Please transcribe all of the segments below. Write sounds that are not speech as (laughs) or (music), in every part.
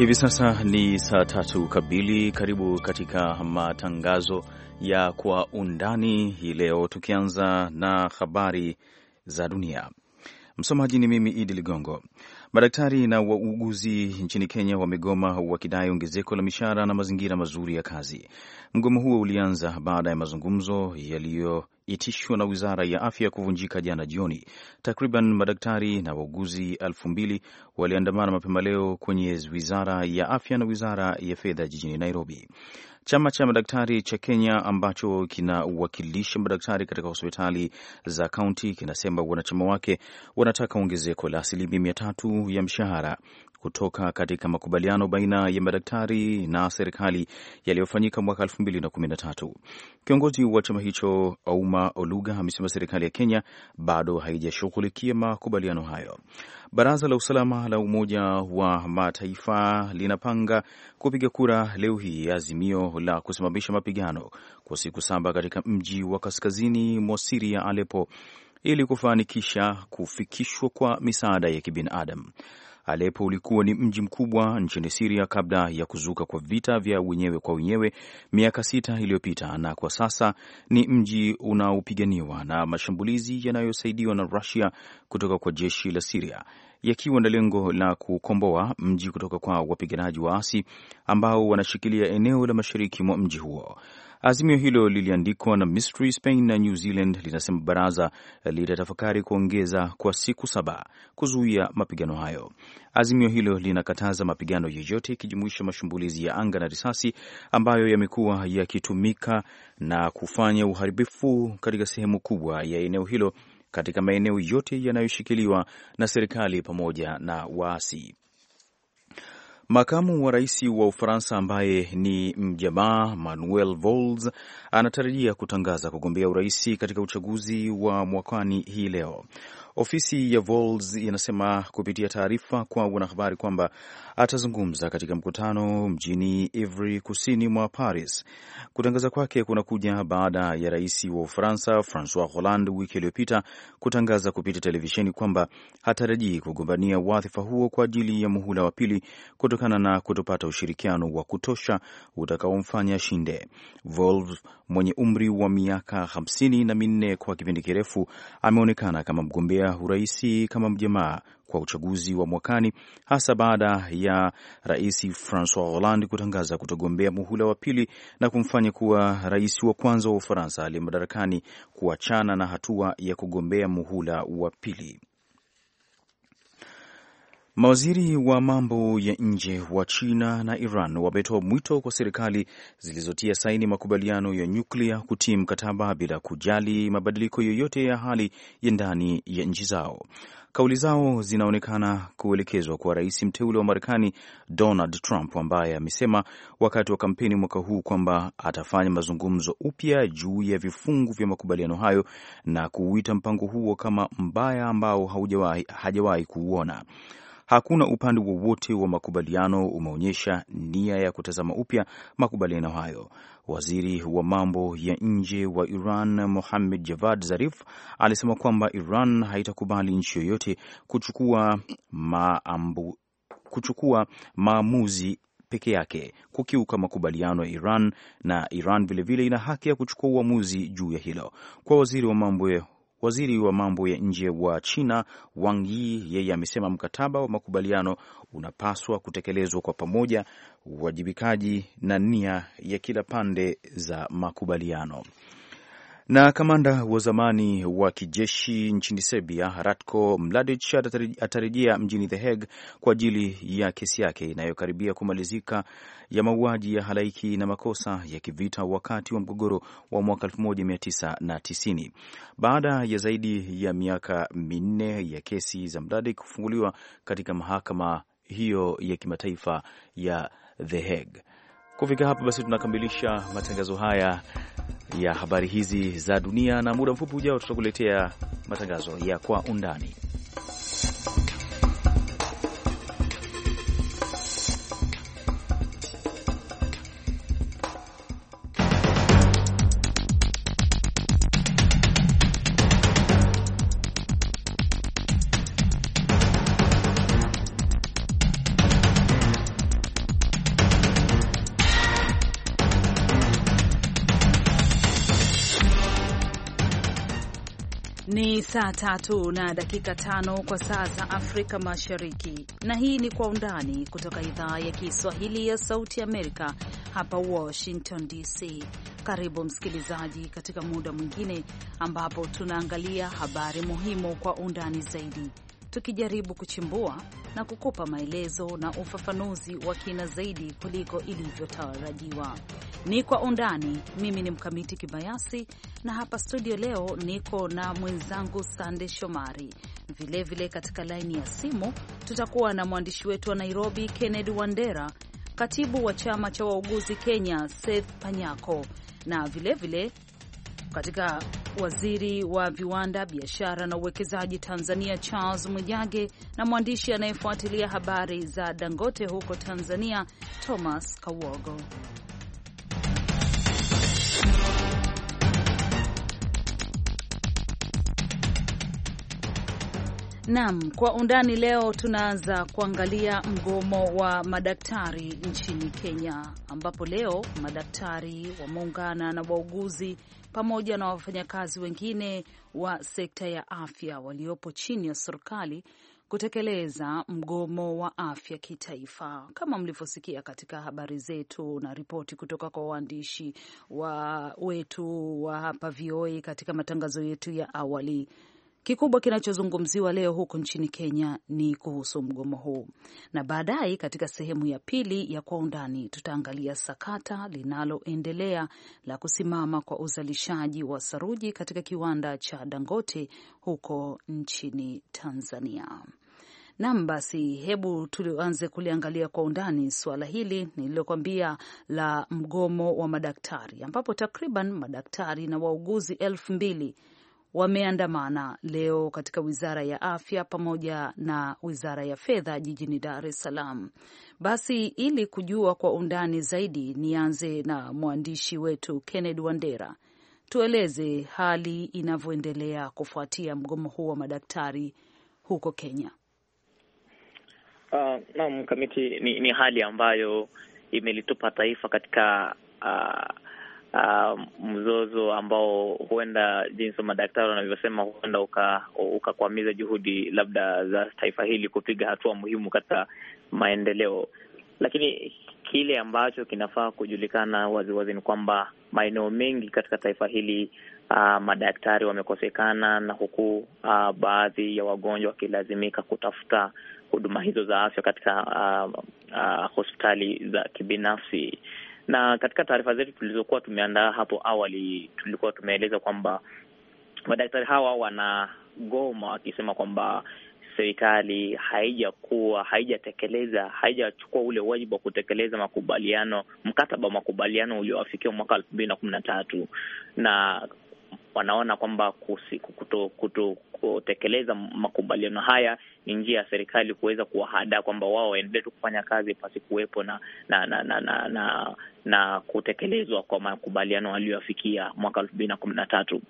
Hivi sasa ni saa tatu kabili Karibu katika matangazo ya Kwa Undani hii leo, tukianza na habari za dunia. Msomaji ni mimi Idi Ligongo. Madaktari na wauguzi nchini Kenya wamegoma wakidai ongezeko la mishahara na mazingira mazuri ya kazi. Mgomo huo ulianza baada ya mazungumzo yaliyoitishwa na wizara ya afya kuvunjika jana jioni. Takriban madaktari na wauguzi elfu mbili waliandamana mapema leo kwenye wizara ya afya na wizara ya fedha jijini Nairobi. Chama cha madaktari cha Kenya ambacho kinawakilisha madaktari katika hospitali za kaunti kinasema wanachama wake wanataka ongezeko la asilimia mia tatu ya mshahara kutoka katika makubaliano baina ya madaktari na serikali yaliyofanyika mwaka tatu. Kiongozi wa chama hicho Auma Oluga amesema serikali ya Kenya bado haijashughulikia makubaliano hayo. Baraza la usalama la Umoja wa Mataifa linapanga kupiga kura leo hii azimio la kusimamisha mapigano kwa siku saba katika mji wa kaskazini mwa Siria, Alepo, ili kufanikisha kufikishwa kwa misaada ya kibinadamu. Alepo ulikuwa ni mji mkubwa nchini Siria kabla ya kuzuka kwa vita vya wenyewe kwa wenyewe miaka sita iliyopita, na kwa sasa ni mji unaopiganiwa na mashambulizi yanayosaidiwa na Rusia kutoka kwa jeshi la Siria yakiwa na lengo la kukomboa mji kutoka kwa wapiganaji waasi ambao wanashikilia eneo la mashariki mwa mji huo. Azimio hilo liliandikwa na Misri, Spain na New Zealand linasema baraza litatafakari kuongeza kwa siku saba kuzuia mapigano hayo. Azimio hilo linakataza mapigano yoyote ikijumuisha mashambulizi ya anga na risasi ambayo yamekuwa yakitumika na kufanya uharibifu katika sehemu kubwa ya eneo hilo katika maeneo yote yanayoshikiliwa na serikali pamoja na waasi. Makamu wa rais wa Ufaransa ambaye ni mjamaa Manuel Valls anatarajia kutangaza kugombea urais katika uchaguzi wa mwakani hii leo. Ofisi ya Volz inasema kupitia taarifa kwa wanahabari kwamba atazungumza katika mkutano mjini Ivry kusini mwa Paris. Kutangaza kwake kunakuja baada ya rais wa Ufaransa Francois Hollande wiki iliyopita kutangaza kupitia televisheni kwamba hatarajii kugombania wadhifa huo kwa ajili ya muhula wa pili kutokana na kutopata ushirikiano wa kutosha utakaomfanya shinde. Volz mwenye umri wa miaka hamsini na minne kwa kipindi kirefu ameonekana kama mgombea uraisi kama mjamaa kwa uchaguzi wa mwakani, hasa baada ya Rais Francois Hollande kutangaza kutogombea muhula wa pili na kumfanya kuwa rais wa kwanza wa Ufaransa aliye madarakani kuachana na hatua ya kugombea muhula wa pili. Mawaziri wa mambo ya nje wa China na Iran wametoa mwito kwa serikali zilizotia saini makubaliano ya nyuklia kutii mkataba bila kujali mabadiliko yoyote ya hali ya ndani ya nchi zao. Kauli zao zinaonekana kuelekezwa kwa rais mteule wa Marekani Donald Trump ambaye amesema wakati wa kampeni mwaka huu kwamba atafanya mazungumzo upya juu ya vifungu vya makubaliano hayo na kuuita mpango huo kama mbaya ambao hajawahi kuuona. Hakuna upande wowote wa makubaliano umeonyesha nia ya kutazama upya makubaliano hayo. Waziri wa mambo ya nje wa Iran Mohammed Javad Zarif alisema kwamba Iran haitakubali nchi yoyote kuchukua maambu, kuchukua maamuzi peke yake kukiuka makubaliano ya Iran na Iran vilevile ina haki ya kuchukua uamuzi juu ya hilo. Kwa waziri wa mambo Waziri wa mambo ya nje wa China Wang Yi yeye amesema mkataba wa makubaliano unapaswa kutekelezwa kwa pamoja, uwajibikaji na nia ya kila pande za makubaliano. Na kamanda wa zamani wa kijeshi nchini Serbia Ratko Mladic atarejea mjini The Hague kwa ajili ya kesi yake inayokaribia kumalizika ya mauaji ya halaiki na makosa ya kivita wakati wa mgogoro wa mwaka 1990. Baada ya zaidi ya miaka minne ya kesi za Mladic kufunguliwa katika mahakama hiyo ya kimataifa ya The Hague. Kufika hapa basi tunakamilisha matangazo haya ya habari hizi za dunia, na muda mfupi ujao tutakuletea matangazo ya kwa undani. saa tatu na dakika tano kwa saa za Afrika Mashariki, na hii ni Kwa Undani kutoka idhaa ya Kiswahili ya Sauti Amerika hapa Washington DC. Karibu msikilizaji, katika muda mwingine ambapo tunaangalia habari muhimu kwa undani zaidi, tukijaribu kuchimbua na kukupa maelezo na ufafanuzi wa kina zaidi kuliko ilivyotarajiwa. Ni kwa undani. Mimi ni Mkamiti Kibayasi na hapa studio leo niko na mwenzangu Sande Shomari. Vilevile vile katika laini ya simu tutakuwa na mwandishi wetu wa Nairobi Kennedy Wandera, katibu wa chama cha wauguzi Kenya Seth Panyako, na vilevile vile katika waziri wa viwanda, biashara na uwekezaji Tanzania Charles Mwijage na mwandishi anayefuatilia habari za Dangote huko Tanzania Thomas Kawogo. Naam, kwa undani leo tunaanza kuangalia mgomo wa madaktari nchini Kenya, ambapo leo madaktari wameungana na wauguzi pamoja na wafanyakazi wengine wa sekta ya afya waliopo chini ya serikali kutekeleza mgomo wa afya kitaifa. Kama mlivyosikia katika habari zetu na ripoti kutoka kwa waandishi wa wetu wa hapa VOA katika matangazo yetu ya awali, Kikubwa kinachozungumziwa leo huko nchini Kenya ni kuhusu mgomo huu, na baadaye katika sehemu ya pili ya Kwa Undani tutaangalia sakata linaloendelea la kusimama kwa uzalishaji wa saruji katika kiwanda cha Dangote huko nchini Tanzania. Nam, basi hebu tulianze kuliangalia kwa undani suala hili nililokwambia la mgomo wa madaktari, ambapo takriban madaktari na wauguzi elfu mbili wameandamana leo katika wizara ya afya pamoja na wizara ya fedha jijini Dar es Salaam. Basi ili kujua kwa undani zaidi, nianze na mwandishi wetu kenned Wandera. Tueleze hali inavyoendelea kufuatia mgomo huu wa madaktari huko Kenya. Uh, naam, Kamiti, ni, ni hali ambayo imelitupa taifa katika uh, uh, mzozo ambao huenda jinsi madaktari wanavyosema huenda ukakwamiza uka juhudi labda za taifa hili kupiga hatua muhimu katika maendeleo, lakini kile ambacho kinafaa kujulikana waziwazi ni kwamba maeneo mengi katika taifa hili uh, madaktari wamekosekana, na huku uh, baadhi ya wagonjwa wakilazimika kutafuta huduma hizo za afya katika uh, uh, hospitali za kibinafsi. Na katika taarifa zetu tulizokuwa tumeandaa hapo awali, tulikuwa tumeeleza kwamba madaktari hawa wanagoma wakisema kwamba serikali haijakuwa haijatekeleza haijachukua ule wajibu wa kutekeleza makubaliano mkataba wa makubaliano ulioafikiwa mwaka elfu mbili na kumi na tatu na wanaona kwamba kutekeleza makubaliano haya ni njia ya serikali kuweza kuwahadaa kwamba wao waendelee tu kufanya kazi pasi kuwepo na na na na, na, na, na kutekelezwa kwa makubaliano aliyoafikia mwaka elfu mbili na kumi na tatu.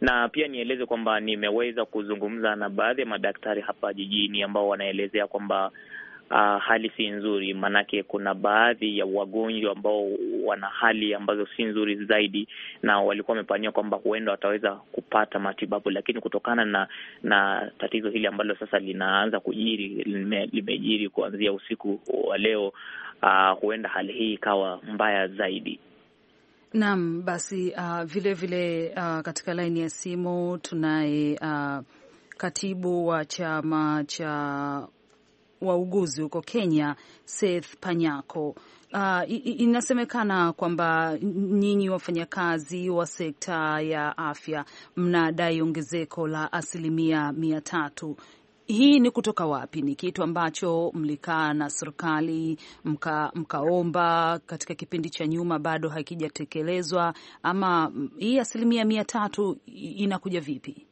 Na pia nieleze kwamba nimeweza kuzungumza na baadhi ya madaktari hapa jijini ambao wanaelezea kwamba uh, hali si nzuri, maanake kuna baadhi ya wagonjwa ambao wana hali ambazo si nzuri zaidi, na walikuwa wamepania kwamba huenda wataweza kupata matibabu, lakini kutokana na na tatizo hili ambalo sasa linaanza kujiri lime, limejiri kuanzia usiku wa leo uh, huenda hali hii ikawa mbaya zaidi. Naam, basi uh, vile vile uh, katika laini ya simu tunaye uh, katibu wa chama cha wauguzi huko Kenya, Seth Panyako. Uh, inasemekana kwamba nyinyi wafanyakazi wa sekta ya afya mnadai ongezeko la asilimia mia tatu. Hii ni kutoka wapi? Ni kitu ambacho mlikaa na serikali mka, mkaomba katika kipindi cha nyuma, bado hakijatekelezwa, ama hii asilimia mia tatu inakuja vipi?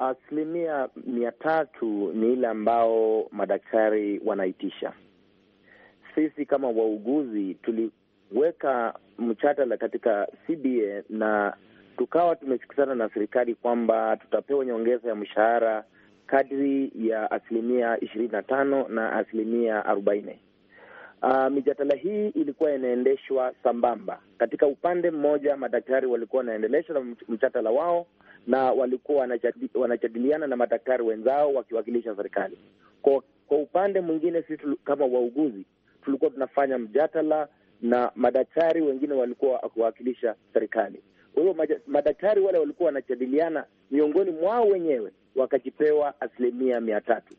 asilimia mia tatu ni ile ambao madaktari wanaitisha. Sisi kama wauguzi tuliweka mchadala katika CBA na tukawa tumesikizana na serikali kwamba tutapewa nyongeza ya mshahara kadri ya asilimia ishirini na tano na asilimia arobaini. Uh, mijadala hii ilikuwa inaendeshwa sambamba. Katika upande mmoja, madaktari walikuwa wanaendelesha na mjadala wao na walikuwa wanajadiliana na madaktari wenzao wakiwakilisha serikali. Kwa, kwa upande mwingine, sisi kama wauguzi tulikuwa tunafanya mjadala na madaktari wengine walikuwa wakiwakilisha serikali. Kwa hiyo madaktari wale walikuwa wanajadiliana miongoni mwao wenyewe, wakajipewa asilimia mia tatu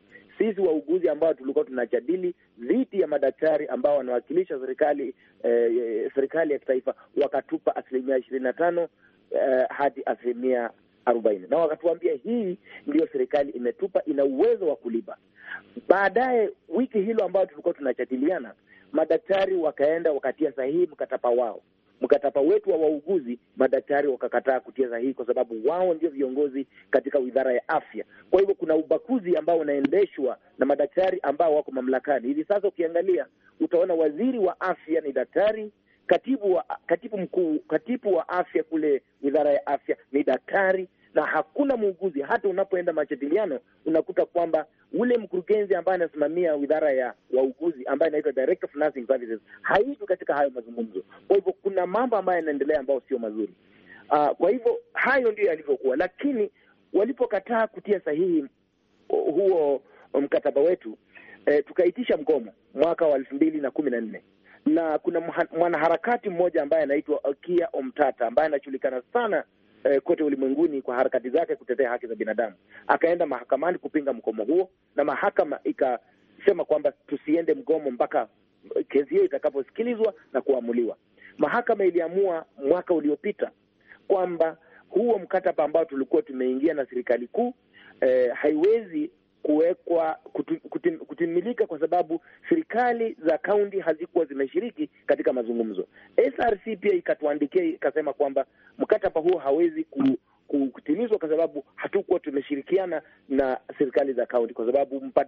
sisi wauguzi ambao tulikuwa tunajadili dhidi ya madaktari ambao wanawakilisha serikali eh, serikali ya kitaifa wakatupa asilimia ishirini na tano eh, hadi asilimia arobaini na wakatuambia hii ndiyo serikali imetupa, ina uwezo wa kulipa. Baadaye wiki hilo ambayo tulikuwa tunajadiliana, madaktari wakaenda wakatia sahihi mkataba wao mkataba wetu wa wauguzi, madaktari wakakataa kutia sahihi kwa sababu wao ndio viongozi katika wizara ya afya. Kwa hivyo kuna ubakuzi ambao unaendeshwa na madaktari ambao wako mamlakani hivi sasa. Ukiangalia utaona waziri wa afya ni daktari katibu wa katibu mkuu katibu wa afya kule wizara ya afya ni daktari, na hakuna muuguzi. Hata unapoenda majadiliano unakuta kwamba ule mkurugenzi ambaye anasimamia idara ya wauguzi ambaye anaitwa Director of Nursing Services katika hayo mazungumzo. Kwa hivyo kuna mambo ambayo yanaendelea ambayo sio mazuri. Uh, kwa hivyo hayo ndio yalivyokuwa, lakini walipokataa kutia sahihi huo mkataba wetu eh, tukaitisha mgomo mwaka wa elfu mbili na kumi na nne na kuna mwanaharakati mmoja ambaye anaitwa Okia Omtata ambaye anajulikana sana eh, kote ulimwenguni kwa harakati zake kutetea haki za binadamu. Akaenda mahakamani kupinga mgomo huo, na mahakama ikasema kwamba tusiende mgomo mpaka kesi hiyo itakaposikilizwa na kuamuliwa. Mahakama iliamua mwaka uliopita kwamba huo mkataba ambao tulikuwa tumeingia na serikali kuu eh, haiwezi kuwekwa kutim, kutimilika kwa sababu serikali za kaunti hazikuwa zimeshiriki katika mazungumzo. SRC pia ikatuandikia ikasema kwamba mkataba huo hawezi ku, kutimizwa kwa sababu hatukuwa tumeshirikiana na serikali za kaunti, kwa sababu mpat,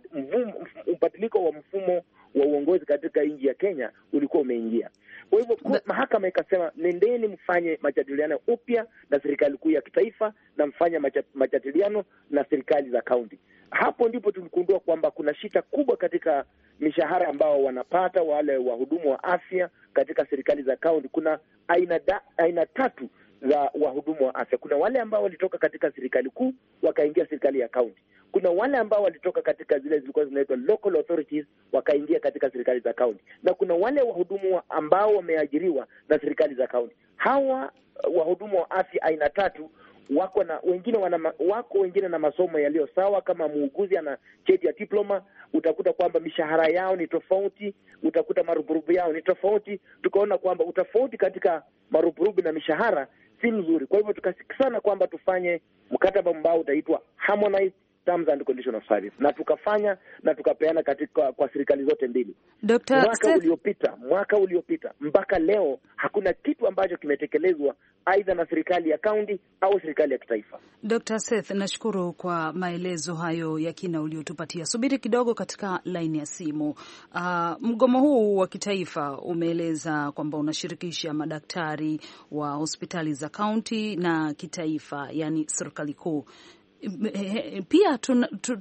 mpatiliko wa mfumo wa uongozi katika nchi ya Kenya ulikuwa umeingia. Kwa hivyo mahakama ikasema, nendeni mfanye majadiliano upya na serikali kuu ya kitaifa na mfanye majadiliano na serikali za kaunti. Hapo ndipo tuligundua kwamba kuna shida kubwa katika mishahara ambao wanapata wale wahudumu wa afya katika serikali za kaunti. Kuna aina, da, aina tatu za wahudumu wa afya. Kuna wale ambao walitoka katika serikali kuu wakaingia serikali ya kaunti. Kuna wale ambao walitoka katika zile zilikuwa zinaitwa local authorities wakaingia katika serikali za kaunti, na kuna wale wahudumu ambao wameajiriwa na serikali za kaunti. Hawa uh, wahudumu wa afya aina tatu wako na wengine wana, wako wengine na masomo yaliyo sawa. Kama muuguzi ana cheti ya diploma, utakuta kwamba mishahara yao ni tofauti, utakuta marupurupu yao ni tofauti. Tukaona kwamba utofauti katika marupurupu na mishahara si mzuri. Kwa hivyo tukasikisana kwamba tufanye mkataba ambao utaitwa Harmonized terms and of service, na tukafanya na tukapeana katika kwa serikali zote mbili. Dr. mwaka Seth... uliopita mwaka uliopita mpaka leo hakuna kitu ambacho kimetekelezwa aidha na serikali ya kaunti au serikali ya kitaifa. Dr. Seth, nashukuru kwa maelezo hayo ya kina uliotupatia. Subiri kidogo katika laini ya simu. Uh, mgomo huu wa kitaifa umeeleza kwamba unashirikisha madaktari wa hospitali za kaunti na kitaifa, yani serikali kuu. Pia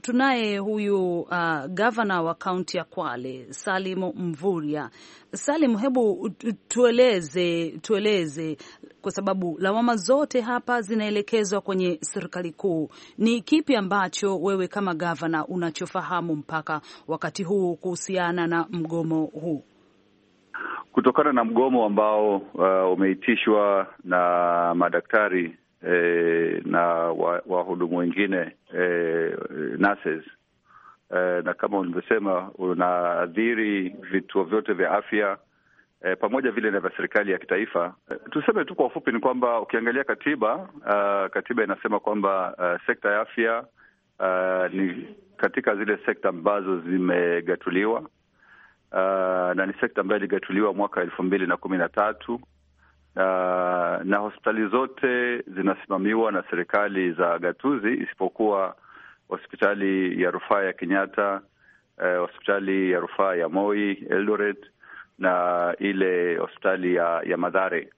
tunaye huyu uh, gavana wa kaunti ya Kwale Salimu Mvurya. Salim, hebu tueleze tueleze, kwa sababu lawama zote hapa zinaelekezwa kwenye serikali kuu. Ni kipi ambacho wewe kama gavana unachofahamu mpaka wakati huu kuhusiana na mgomo huu? Kutokana na mgomo ambao uh, umeitishwa na madaktari e, na wahudumu wa wengine e, nurses e, na kama ulivyosema unaathiri vituo vyote vya afya e, pamoja vile na vya serikali ya kitaifa. Tuseme tu kwa ufupi ni kwamba ukiangalia katiba uh, katiba inasema kwamba uh, sekta ya afya uh, ni katika zile sekta ambazo zimegatuliwa uh, na ni sekta ambayo iligatuliwa mwaka elfu mbili na kumi na tatu Uh, na hospitali zote zinasimamiwa na serikali za gatuzi isipokuwa hospitali ya rufaa ya Kenyatta, uh, hospitali ya rufaa ya Moi, Eldoret na ile hospitali ya, ya Madhare.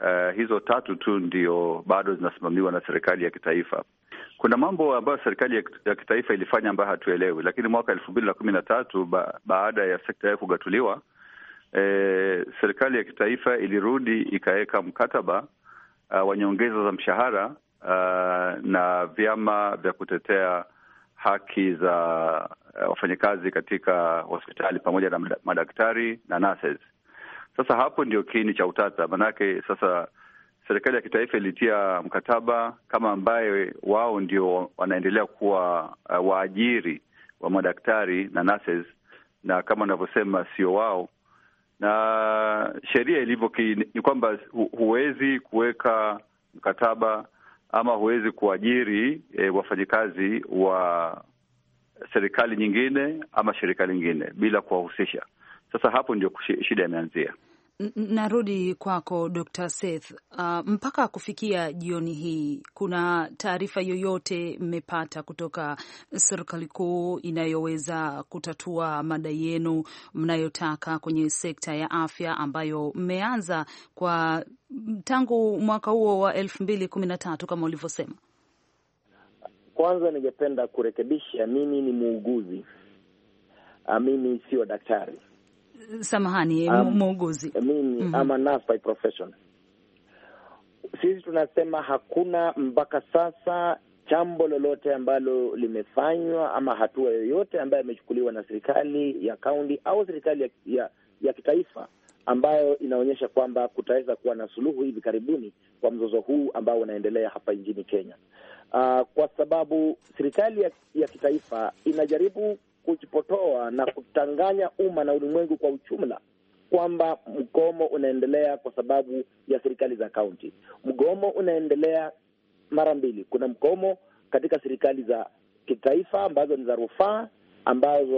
Uh, eh, hizo tatu tu ndio bado zinasimamiwa na serikali ya kitaifa. Kuna mambo ambayo serikali ya kitaifa ilifanya ambayo hatuelewi, lakini mwaka elfu mbili na kumi na tatu ba, baada ya sekta hiyo kugatuliwa e, serikali ya kitaifa ilirudi ikaweka mkataba uh, wa nyongeza za mshahara uh, na vyama vya kutetea haki za uh, wafanyakazi katika hospitali pamoja na madaktari na nurses. Sasa hapo ndio kiini cha utata, manake sasa serikali ya kitaifa ilitia mkataba kama ambaye wao ndio wanaendelea kuwa uh, waajiri wa madaktari na nurses, na kama wanavyosema sio wao na sheria ilivyo ni kwamba huwezi kuweka mkataba ama huwezi kuajiri e, wafanyakazi wa serikali nyingine ama shirika lingine bila kuwahusisha. Sasa hapo ndio shida imeanzia narudi kwako Dr. Seth. Uh, mpaka kufikia jioni hii, kuna taarifa yoyote mmepata kutoka serikali kuu inayoweza kutatua madai yenu mnayotaka kwenye sekta ya afya ambayo mmeanza kwa tangu mwaka huo wa elfu mbili kumi na tatu kama ulivyosema? Kwanza ningependa kurekebisha, mimi ni muuguzi, ah, mimi sio daktari samahani, um, muuguzi mimi mm mhm. -hmm. ama nurse by profession. Sisi tunasema hakuna mpaka sasa jambo lolote ambalo limefanywa ama hatua yoyote ambayo imechukuliwa na serikali ya kaunti au serikali ya, ya, ya kitaifa ambayo inaonyesha kwamba kutaweza kuwa na suluhu hivi karibuni kwa mzozo huu ambao unaendelea hapa nchini Kenya. Uh, kwa sababu serikali ya, ya kitaifa inajaribu kujipotoa na kutanganya umma na ulimwengu kwa ujumla kwamba mgomo unaendelea kwa sababu ya serikali za kaunti. Mgomo unaendelea mara mbili. Kuna mgomo katika serikali za kitaifa ambazo ni za rufaa, ambazo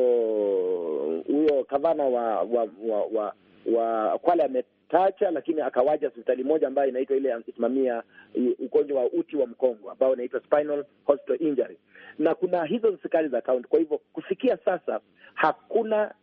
huyo gavana wa wa wa, wa, wa Kwale pacha, lakini akawaja hospitali moja ambayo inaitwa ile anasimamia ugonjwa wa uti wa mkongo ambao inaitwa spinal hospital injury, na kuna hizo serikali za kaunti. Kwa hivyo kufikia sasa hakuna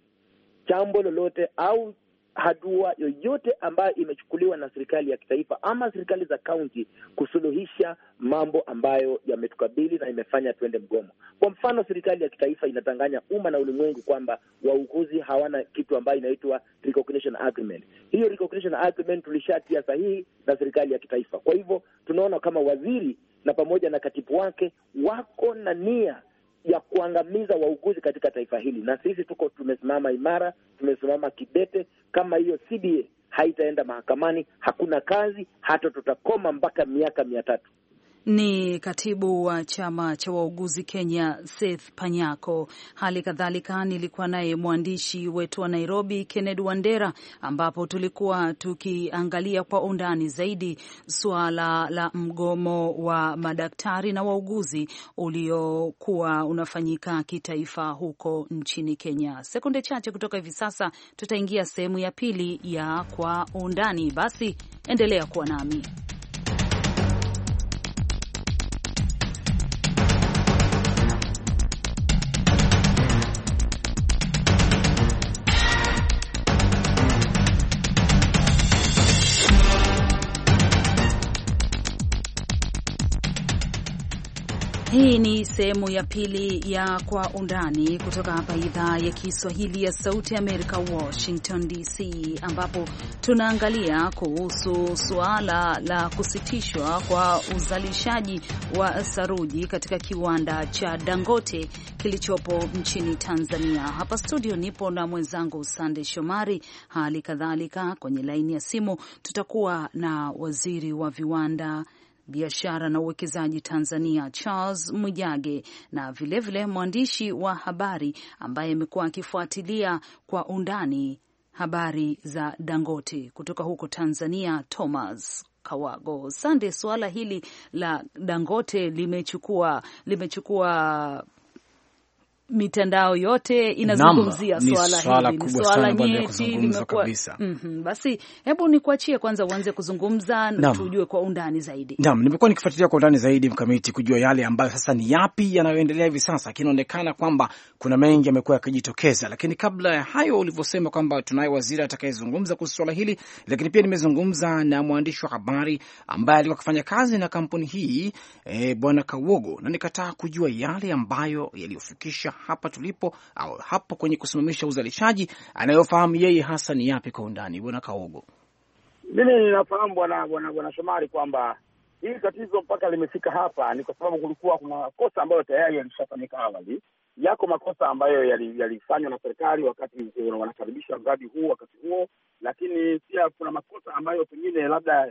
jambo lolote au hatua yoyote ambayo imechukuliwa na serikali ya kitaifa ama serikali za kaunti kusuluhisha mambo ambayo yametukabili na imefanya tuende mgomo. Kwa mfano, serikali ya kitaifa inatanganya umma na ulimwengu kwamba wauguzi hawana kitu ambayo inaitwa recognition agreement. Hiyo recognition agreement tulishatia sahihi na serikali ya kitaifa. Kwa hivyo tunaona kama waziri na pamoja na katibu wake wako na nia ya kuangamiza wauguzi katika taifa hili, na sisi tuko tumesimama imara, tumesimama kidete. Kama hiyo CBA haitaenda mahakamani, hakuna kazi hata tutakoma mpaka miaka mia tatu ni katibu wa chama cha wauguzi Kenya, Seth Panyako. Hali kadhalika nilikuwa naye mwandishi wetu wa Nairobi, Kennedy Wandera, ambapo tulikuwa tukiangalia kwa undani zaidi suala la mgomo wa madaktari na wauguzi uliokuwa unafanyika kitaifa huko nchini Kenya. Sekunde chache kutoka hivi sasa tutaingia sehemu ya pili ya kwa undani. Basi endelea kuwa nami. Hii ni sehemu ya pili ya Kwa Undani kutoka hapa idhaa ya Kiswahili ya Sauti ya Amerika, Washington DC, ambapo tunaangalia kuhusu suala la kusitishwa kwa uzalishaji wa saruji katika kiwanda cha Dangote kilichopo nchini Tanzania. Hapa studio nipo na mwenzangu Sande Shomari. Hali kadhalika kwenye laini ya simu tutakuwa na waziri wa viwanda biashara na uwekezaji Tanzania Charles Mwijage, na vilevile mwandishi wa habari ambaye amekuwa akifuatilia kwa undani habari za Dangote kutoka huko Tanzania Thomas Kawago. Sande, suala hili la Dangote limechukua limechukua mitandao yote inazungumzia swala hili, ni swala nyeti, limekuwa mm -hmm. Basi hebu nikuachie kwanza uanze kuzungumza na tujue kwa undani zaidi. Naam, nimekuwa nikifuatilia kwa undani zaidi mkamiti, kujua yale ambayo sasa ni yapi yanayoendelea hivi sasa. Kinaonekana kwamba kuna mengi yamekuwa yakijitokeza, lakini kabla ya hayo, ulivyosema kwamba tunaye waziri atakayezungumza kuhusu swala hili, lakini pia nimezungumza na mwandishi wa habari ambaye alikuwa akifanya kazi na kampuni hii e, Bwana Kawogo, na nikataa kujua yale ambayo yaliyofikisha hapa tulipo au hapo kwenye kusimamisha uzalishaji, anayofahamu yeye hasa ni yapi kwa undani, bwana Kaogo? Mimi ninafahamu bwana bwana bwana Shomari kwamba hili tatizo mpaka limefika hapa ni kwa sababu kulikuwa kuna kosa ambayo tayari yalishafanyika awali yako makosa ambayo yalifanywa yali na serikali wakati eh, wanakaribisha mradi huu wakati huo, lakini pia kuna makosa ambayo pengine labda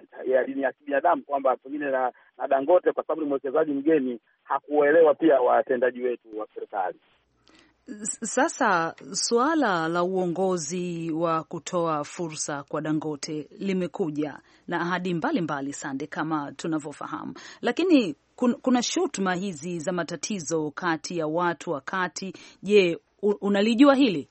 ni ya kibinadamu, kwamba pengine na, na Dangote kwa sababu ni mwekezaji mgeni hakuwaelewa pia watendaji wetu wa serikali. Sasa suala la uongozi wa kutoa fursa kwa Dangote limekuja na ahadi mbalimbali, Sande, kama tunavyofahamu, lakini kuna shutuma hizi za matatizo kati ya watu wa kati. Je, unalijua hili?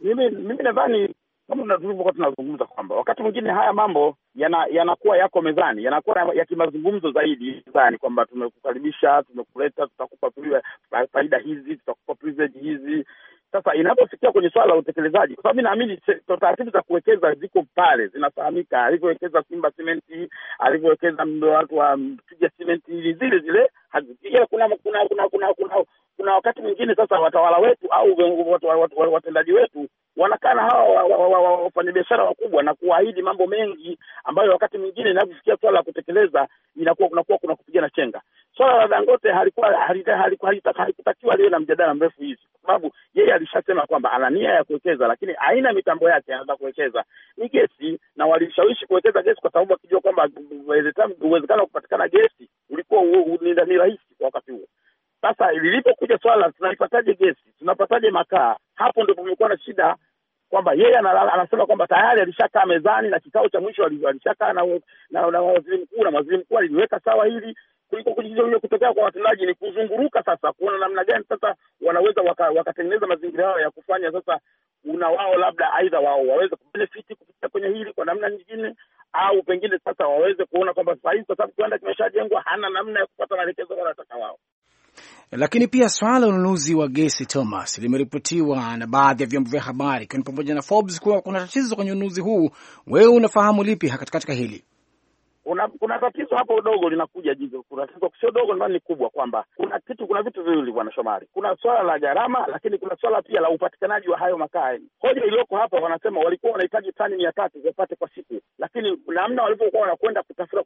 Mimi mimi nadhani kama tulivyokuwa tunazungumza kwamba wakati mwingine haya mambo yanakuwa yana yako mezani, yanakuwa ya kimazungumzo zaidi mezani, kwamba tumekukaribisha, tumekuleta, tutakupa faida hizi, tutakupa privilege hizi, sasa inapofikia kwenye swala la utekelezaji, kwa sababu mi naamini taratibu za kuwekeza ziko pale, zinafahamika. Alivyowekeza Simba simenti alivyowekeza mdo watu wa mm, Twiga simenti ni zile zile pia kuna kuna kuna kuna kuna kuna wakati mwingine sasa watawala wetu au watendaji wetu wanakaa na hawa wafanyabiashara wakubwa na kuahidi mambo mengi ambayo wakati mwingine inapofikia swala la kutekeleza inakuwa kunakuwa kuna kupigana chenga. Swala la Dangote halikuwa halikutakiwa liwe na mjadala mrefu hivi, kwa sababu yeye alishasema kwamba ana nia ya kuwekeza, lakini aina mitambo yake anaweza kuwekeza ni gesi, na walishawishi kuwekeza gesi kwa sababu akijua kwamba uwezekano wa kupatikana gesi ulikuwa ni, ni rahisi kwa wakati huo. Sasa lilipokuja swala tunaipataje gesi, tunapataje makaa, hapo ndo kumekuwa na shida kwamba yeye anasema kwamba tayari alishakaa mezani na kikao cha mwisho alishakaa na waziri mkuu, na waziri mkuu aliliweka sawa hili kuliko kujizuia kutokea kwa watendaji ni kuzunguruka sasa, kuona namna gani sasa wanaweza wakatengeneza waka mazingira yao ya kufanya sasa, una wao labda aidha wao waweze kubenefiti kupitia kwenye hili kwa namna nyingine, au pengine sasa waweze kuona kwamba saa hizi kwa sababu kiwanda kimeshajengwa, hana namna ya kupata maelekezo wanataka wao. Lakini pia swala la ununuzi wa gesi Thomas limeripotiwa na baadhi ya vyombo vya habari ikiwa ni pamoja na Forbes kuwa kuna tatizo kwenye ununuzi huu. Wewe unafahamu lipi katika hili? una, kuna tatizo hapo dogo linakuja jizo. Kuna tatizo sio dogo, nadhani ni kubwa, kwamba kuna kitu, kuna vitu viwili, bwana Shomari, kuna swala la gharama, lakini kuna swala pia la upatikanaji wa hayo makaa. Hoja iliyoko hapa, wanasema walikuwa wanahitaji tani mia tatu wapate kwa siku, lakini namna walivyokuwa wanakwenda kutafuta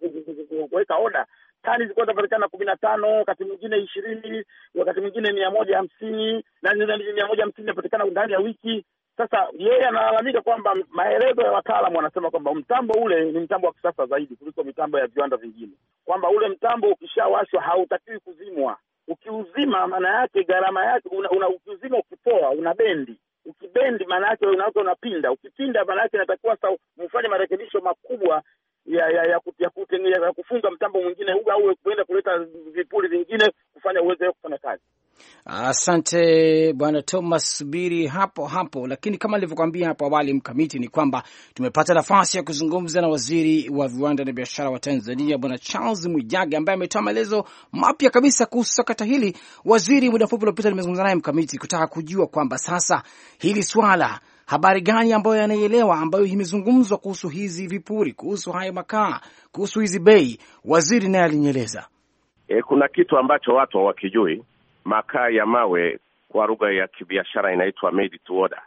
kuweka oda, tani zilikuwa zinapatikana kumi na tano wakati mwingine ishirini wakati mwingine mia moja hamsini na mia moja hamsini inapatikana ndani ya wiki. Sasa yeye analalamika kwamba maelezo ya wataalamu wanasema kwamba mtambo ule ni mtambo wa kisasa zaidi kuliko mitambo ya viwanda vingine, kwamba ule mtambo ukishawashwa hautakiwi kuzimwa. Ukiuzima maana yake gharama yake una, una ukiuzima, ukipoa una bendi ukibendi maana yake unaweza unapinda, ukipinda maana yake inatakiwa sasa mfanye marekebisho makubwa ya ya ya, ya, ya kufunga mtambo mwingine au kuenda kuleta vipuri vingine kufanya uweze kufanya kazi. Asante bwana Thomas, subiri hapo hapo, lakini kama nilivyokuambia hapo awali, mkamiti ni kwamba tumepata nafasi ya kuzungumza na waziri wa viwanda na biashara wa Tanzania bwana Charles Mwijage ambaye ametoa maelezo mapya kabisa kuhusu sakata hili. Waziri muda mfupi uliopita nimezungumza naye mkamiti, kutaka kujua kwamba sasa hili swala habari gani ambayo yanaielewa ambayo imezungumzwa kuhusu hizi vipuri, kuhusu haya makaa, kuhusu hizi bei. Waziri naye alinieleza e, kuna kitu ambacho watu hawakijui makaa ya mawe kwa lugha ya kibiashara inaitwa made to order.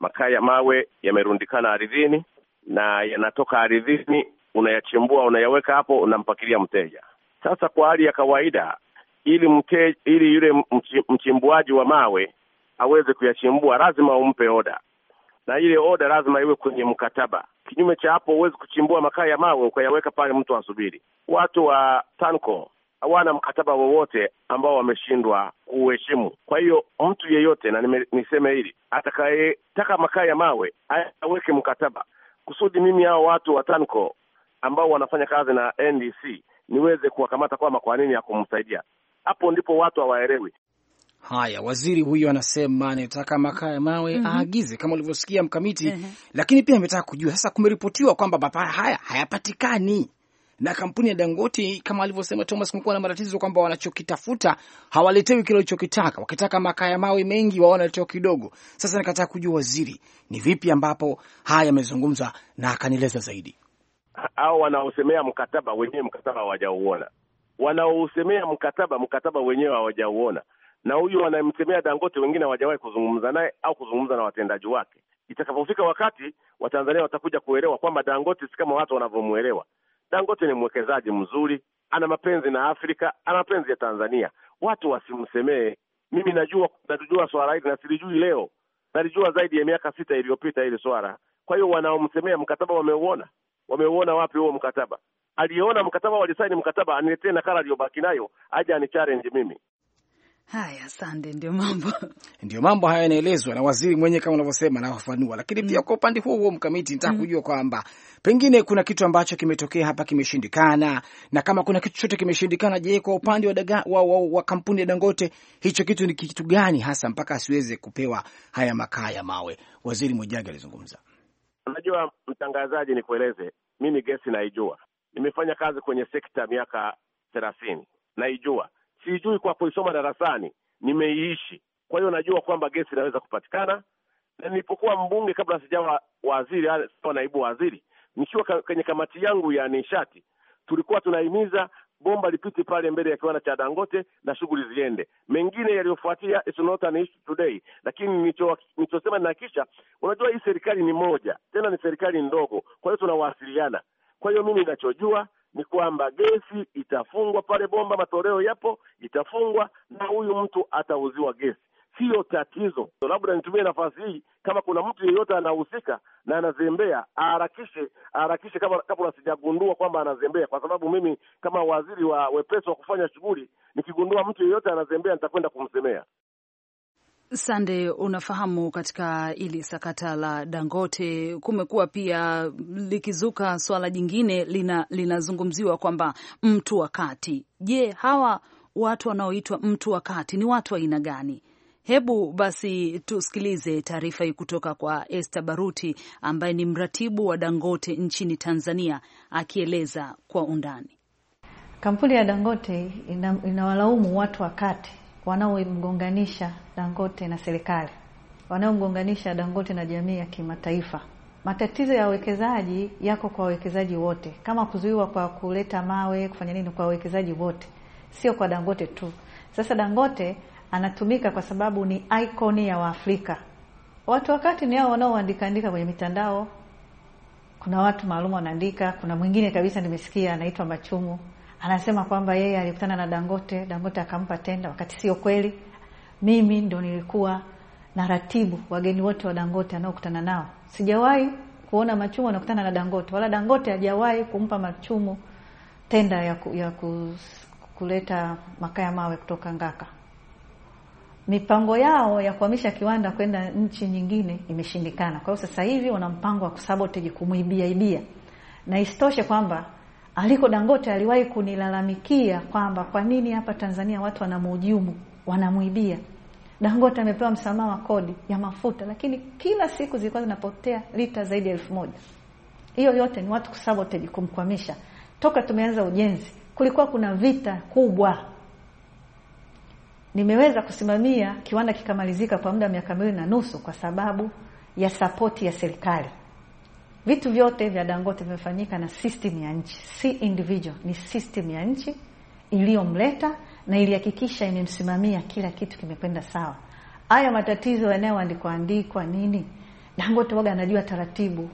Makaa ya mawe yamerundikana ardhini na yanatoka ardhini, unayachimbua, unayaweka hapo, unampakilia mteja. Sasa kwa hali ya kawaida, ili mte, ili yule mchimbuaji wa mawe aweze kuyachimbua, lazima umpe oda, na ile oda lazima iwe kwenye mkataba. Kinyume cha hapo, huwezi kuchimbua makaa ya mawe ukayaweka pale mtu asubiri. Watu wa Tanco hawana mkataba wowote ambao wameshindwa kuuheshimu. Kwa hiyo mtu yeyote, na niseme hili, atakayetaka makaa ya mawe aweke mkataba kusudi mimi hao watu wa TANCO ambao wanafanya kazi na NDC niweze kuwakamata kwama, kwa nini ya kumsaidia. Hapo ndipo watu hawaelewi. Haya, waziri huyo anasema anataka makaa ya mawe mm -hmm. aagize kama ulivyosikia mkamiti mm -hmm. Lakini pia ametaka kujua sasa, kumeripotiwa kwamba mapaa haya hayapatikani na kampuni ya Dangote kama alivyosema Thomas, kumekuwa na matatizo kwamba wanachokitafuta hawaletewi kile walichokitaka. Wakitaka makaa ya mawe mengi, wao wanaletewa kidogo. Sasa nikataka kujua waziri, ni vipi ambapo haya yamezungumza, na akanieleza zaidi. Au wanaosemea mkataba wenyewe, mkataba hawajauona, wanaosemea mkataba, mkataba wenyewe hawajauona, na huyu wanamsemea Dangote, wengine hawajawahi kuzungumza naye au kuzungumza na watendaji wake. Itakapofika wakati Watanzania watakuja kuelewa kwamba Dangote si kama watu wanavyomwelewa. Dangote ni mwekezaji mzuri, ana mapenzi na Afrika, ana mapenzi ya Tanzania. Watu wasimsemee. Mimi najua najua swala hili na silijui leo, nalijua zaidi ya miaka sita iliyopita hili swala. Kwa hiyo wanaomsemea mkataba wameuona, wameuona wapi huo mkataba? Aliona mkataba, walisaini mkataba, aniletee nakala aliyobaki nayo aje ani challenge mimi. Haya, asante. Ndio mambo (laughs) ndio mambo haya yanaelezwa na waziri mwenye kama unavyosema, anafafanua. Lakini mm. pia mm. kwa upande huo huo mkamiti, nitaka mm. kwamba pengine kuna kitu ambacho kimetokea hapa kimeshindikana, na kama kuna kitu chote kimeshindikana, je, kwa upande wa, daga, wa, wa, wa kampuni ya Dangote hicho kitu ni kitu gani hasa mpaka asiweze kupewa haya makaa ya mawe? Waziri Mwijage alizungumza. Unajua mtangazaji, nikueleze mimi gesi naijua, nimefanya kazi kwenye sekta miaka thelathini, naijua sijui kwa kuisoma darasani, nimeiishi. Kwa hiyo najua kwamba gesi inaweza kupatikana, na nilipokuwa mbunge, kabla sijawa waziri au naibu waziri, nikiwa kwenye kamati yangu ya nishati, tulikuwa tunahimiza bomba lipite pale mbele ya kiwanda cha Dangote na shughuli ziende. Mengine yaliyofuatia is not an issue today, lakini nilichosema na kisha, unajua hii serikali ni moja, tena ni serikali ndogo, kwa hiyo tunawasiliana. Kwa hiyo mimi ninachojua ni kwamba gesi itafungwa pale bomba, matoleo yapo, itafungwa na huyu mtu atauziwa gesi. Siyo tatizo. Labda nitumie nafasi hii, kama kuna mtu yeyote anahusika na anazembea, aharakishe aharakishe, kama kabla sijagundua kwamba anazembea, kwa sababu mimi kama waziri wa wepesi wa kufanya shughuli, nikigundua mtu yeyote anazembea, nitakwenda kumsemea. Sande, unafahamu katika ili sakata la Dangote kumekuwa pia likizuka swala jingine lina, linazungumziwa kwamba mtu wa kati. Je, hawa watu wanaoitwa mtu wa kati ni watu aina gani? Hebu basi tusikilize taarifa hii kutoka kwa Esther Baruti ambaye ni mratibu wa Dangote nchini Tanzania akieleza kwa undani. Kampuni ya Dangote inawalaumu ina watu wa kati wanaomgonganisha Dangote na serikali, wanaomgonganisha Dangote na jamii ya kimataifa. Matatizo ya wawekezaji yako kwa wawekezaji wote, kama kuzuiwa kwa kuleta mawe, kufanya nini, kwa wawekezaji wote, sio kwa Dangote tu. Sasa Dangote anatumika kwa sababu ni ikoni ya Waafrika. Watu wakati ni hao wanaoandika andika kwenye mitandao, kuna watu maalum wanaandika, kuna mwingine kabisa nimesikia anaitwa Machumu anasema kwamba yeye alikutana na Dangote, Dangote akampa tenda, wakati sio kweli. Mimi ndo nilikuwa na ratibu wageni wote wa Dangote anaokutana nao. Sijawahi kuona Machumo anakutana na Dangote, wala Dangote hajawahi kumpa Machumu tenda ya, ku, ya ku, kuleta makaa ya mawe kutoka Ngaka. Mipango yao ya kuhamisha kiwanda kwenda nchi nyingine imeshindikana. Kwa hiyo sasa hivi wana mpango wa kusabotage, kumuibia ibia, na isitoshe kwamba Aliko Dangote aliwahi kunilalamikia kwamba kwa nini hapa Tanzania watu wanamuujumu wanamwibia. Dangote amepewa msamaha wa kodi ya mafuta, lakini kila siku zilikuwa zinapotea lita zaidi ya elfu moja. Hiyo yote ni watu kusabotage, kumkwamisha. Toka tumeanza ujenzi kulikuwa kuna vita kubwa. Nimeweza kusimamia kiwanda kikamalizika kwa muda wa miaka miwili na nusu kwa sababu ya sapoti ya serikali. Vitu vyote vya Dangote vimefanyika na system ya nchi, si individual, ni system ya nchi iliyomleta na ilihakikisha imemsimamia, kila kitu kimekwenda sawa. Haya matatizo yanayoandikwa andikwa nini, Dangote waga anajua taratibu.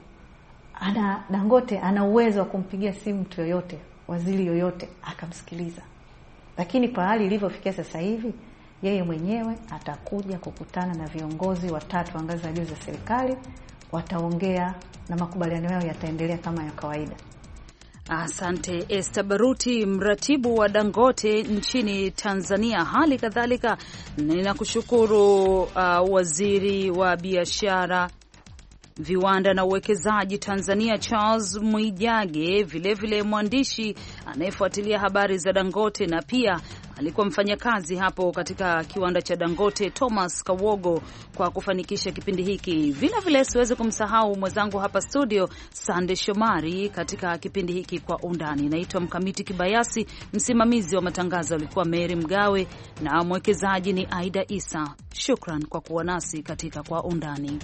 Ana Dangote ana uwezo wa kumpigia simu mtu yoyote, waziri yoyote, akamsikiliza. Lakini kwa hali ilivyofikia sasa hivi, yeye mwenyewe atakuja kukutana na viongozi watatu wa ngazi za juu za serikali wataongea na makubaliano yao yataendelea kama ya kawaida. Asante este Baruti, mratibu wa Dangote nchini Tanzania. Hali kadhalika ninakushukuru uh, waziri wa biashara viwanda na uwekezaji Tanzania Charles Mwijage, vilevile mwandishi anayefuatilia habari za Dangote na pia alikuwa mfanyakazi hapo katika kiwanda cha Dangote, Thomas Kawogo, kwa kufanikisha kipindi hiki. Vilevile siwezi kumsahau mwenzangu hapa studio, Sande Shomari, katika kipindi hiki kwa undani. Naitwa Mkamiti Kibayasi, msimamizi wa matangazo alikuwa Meri Mgawe na mwekezaji ni Aida Isa. Shukran kwa kuwa nasi katika kwa undani.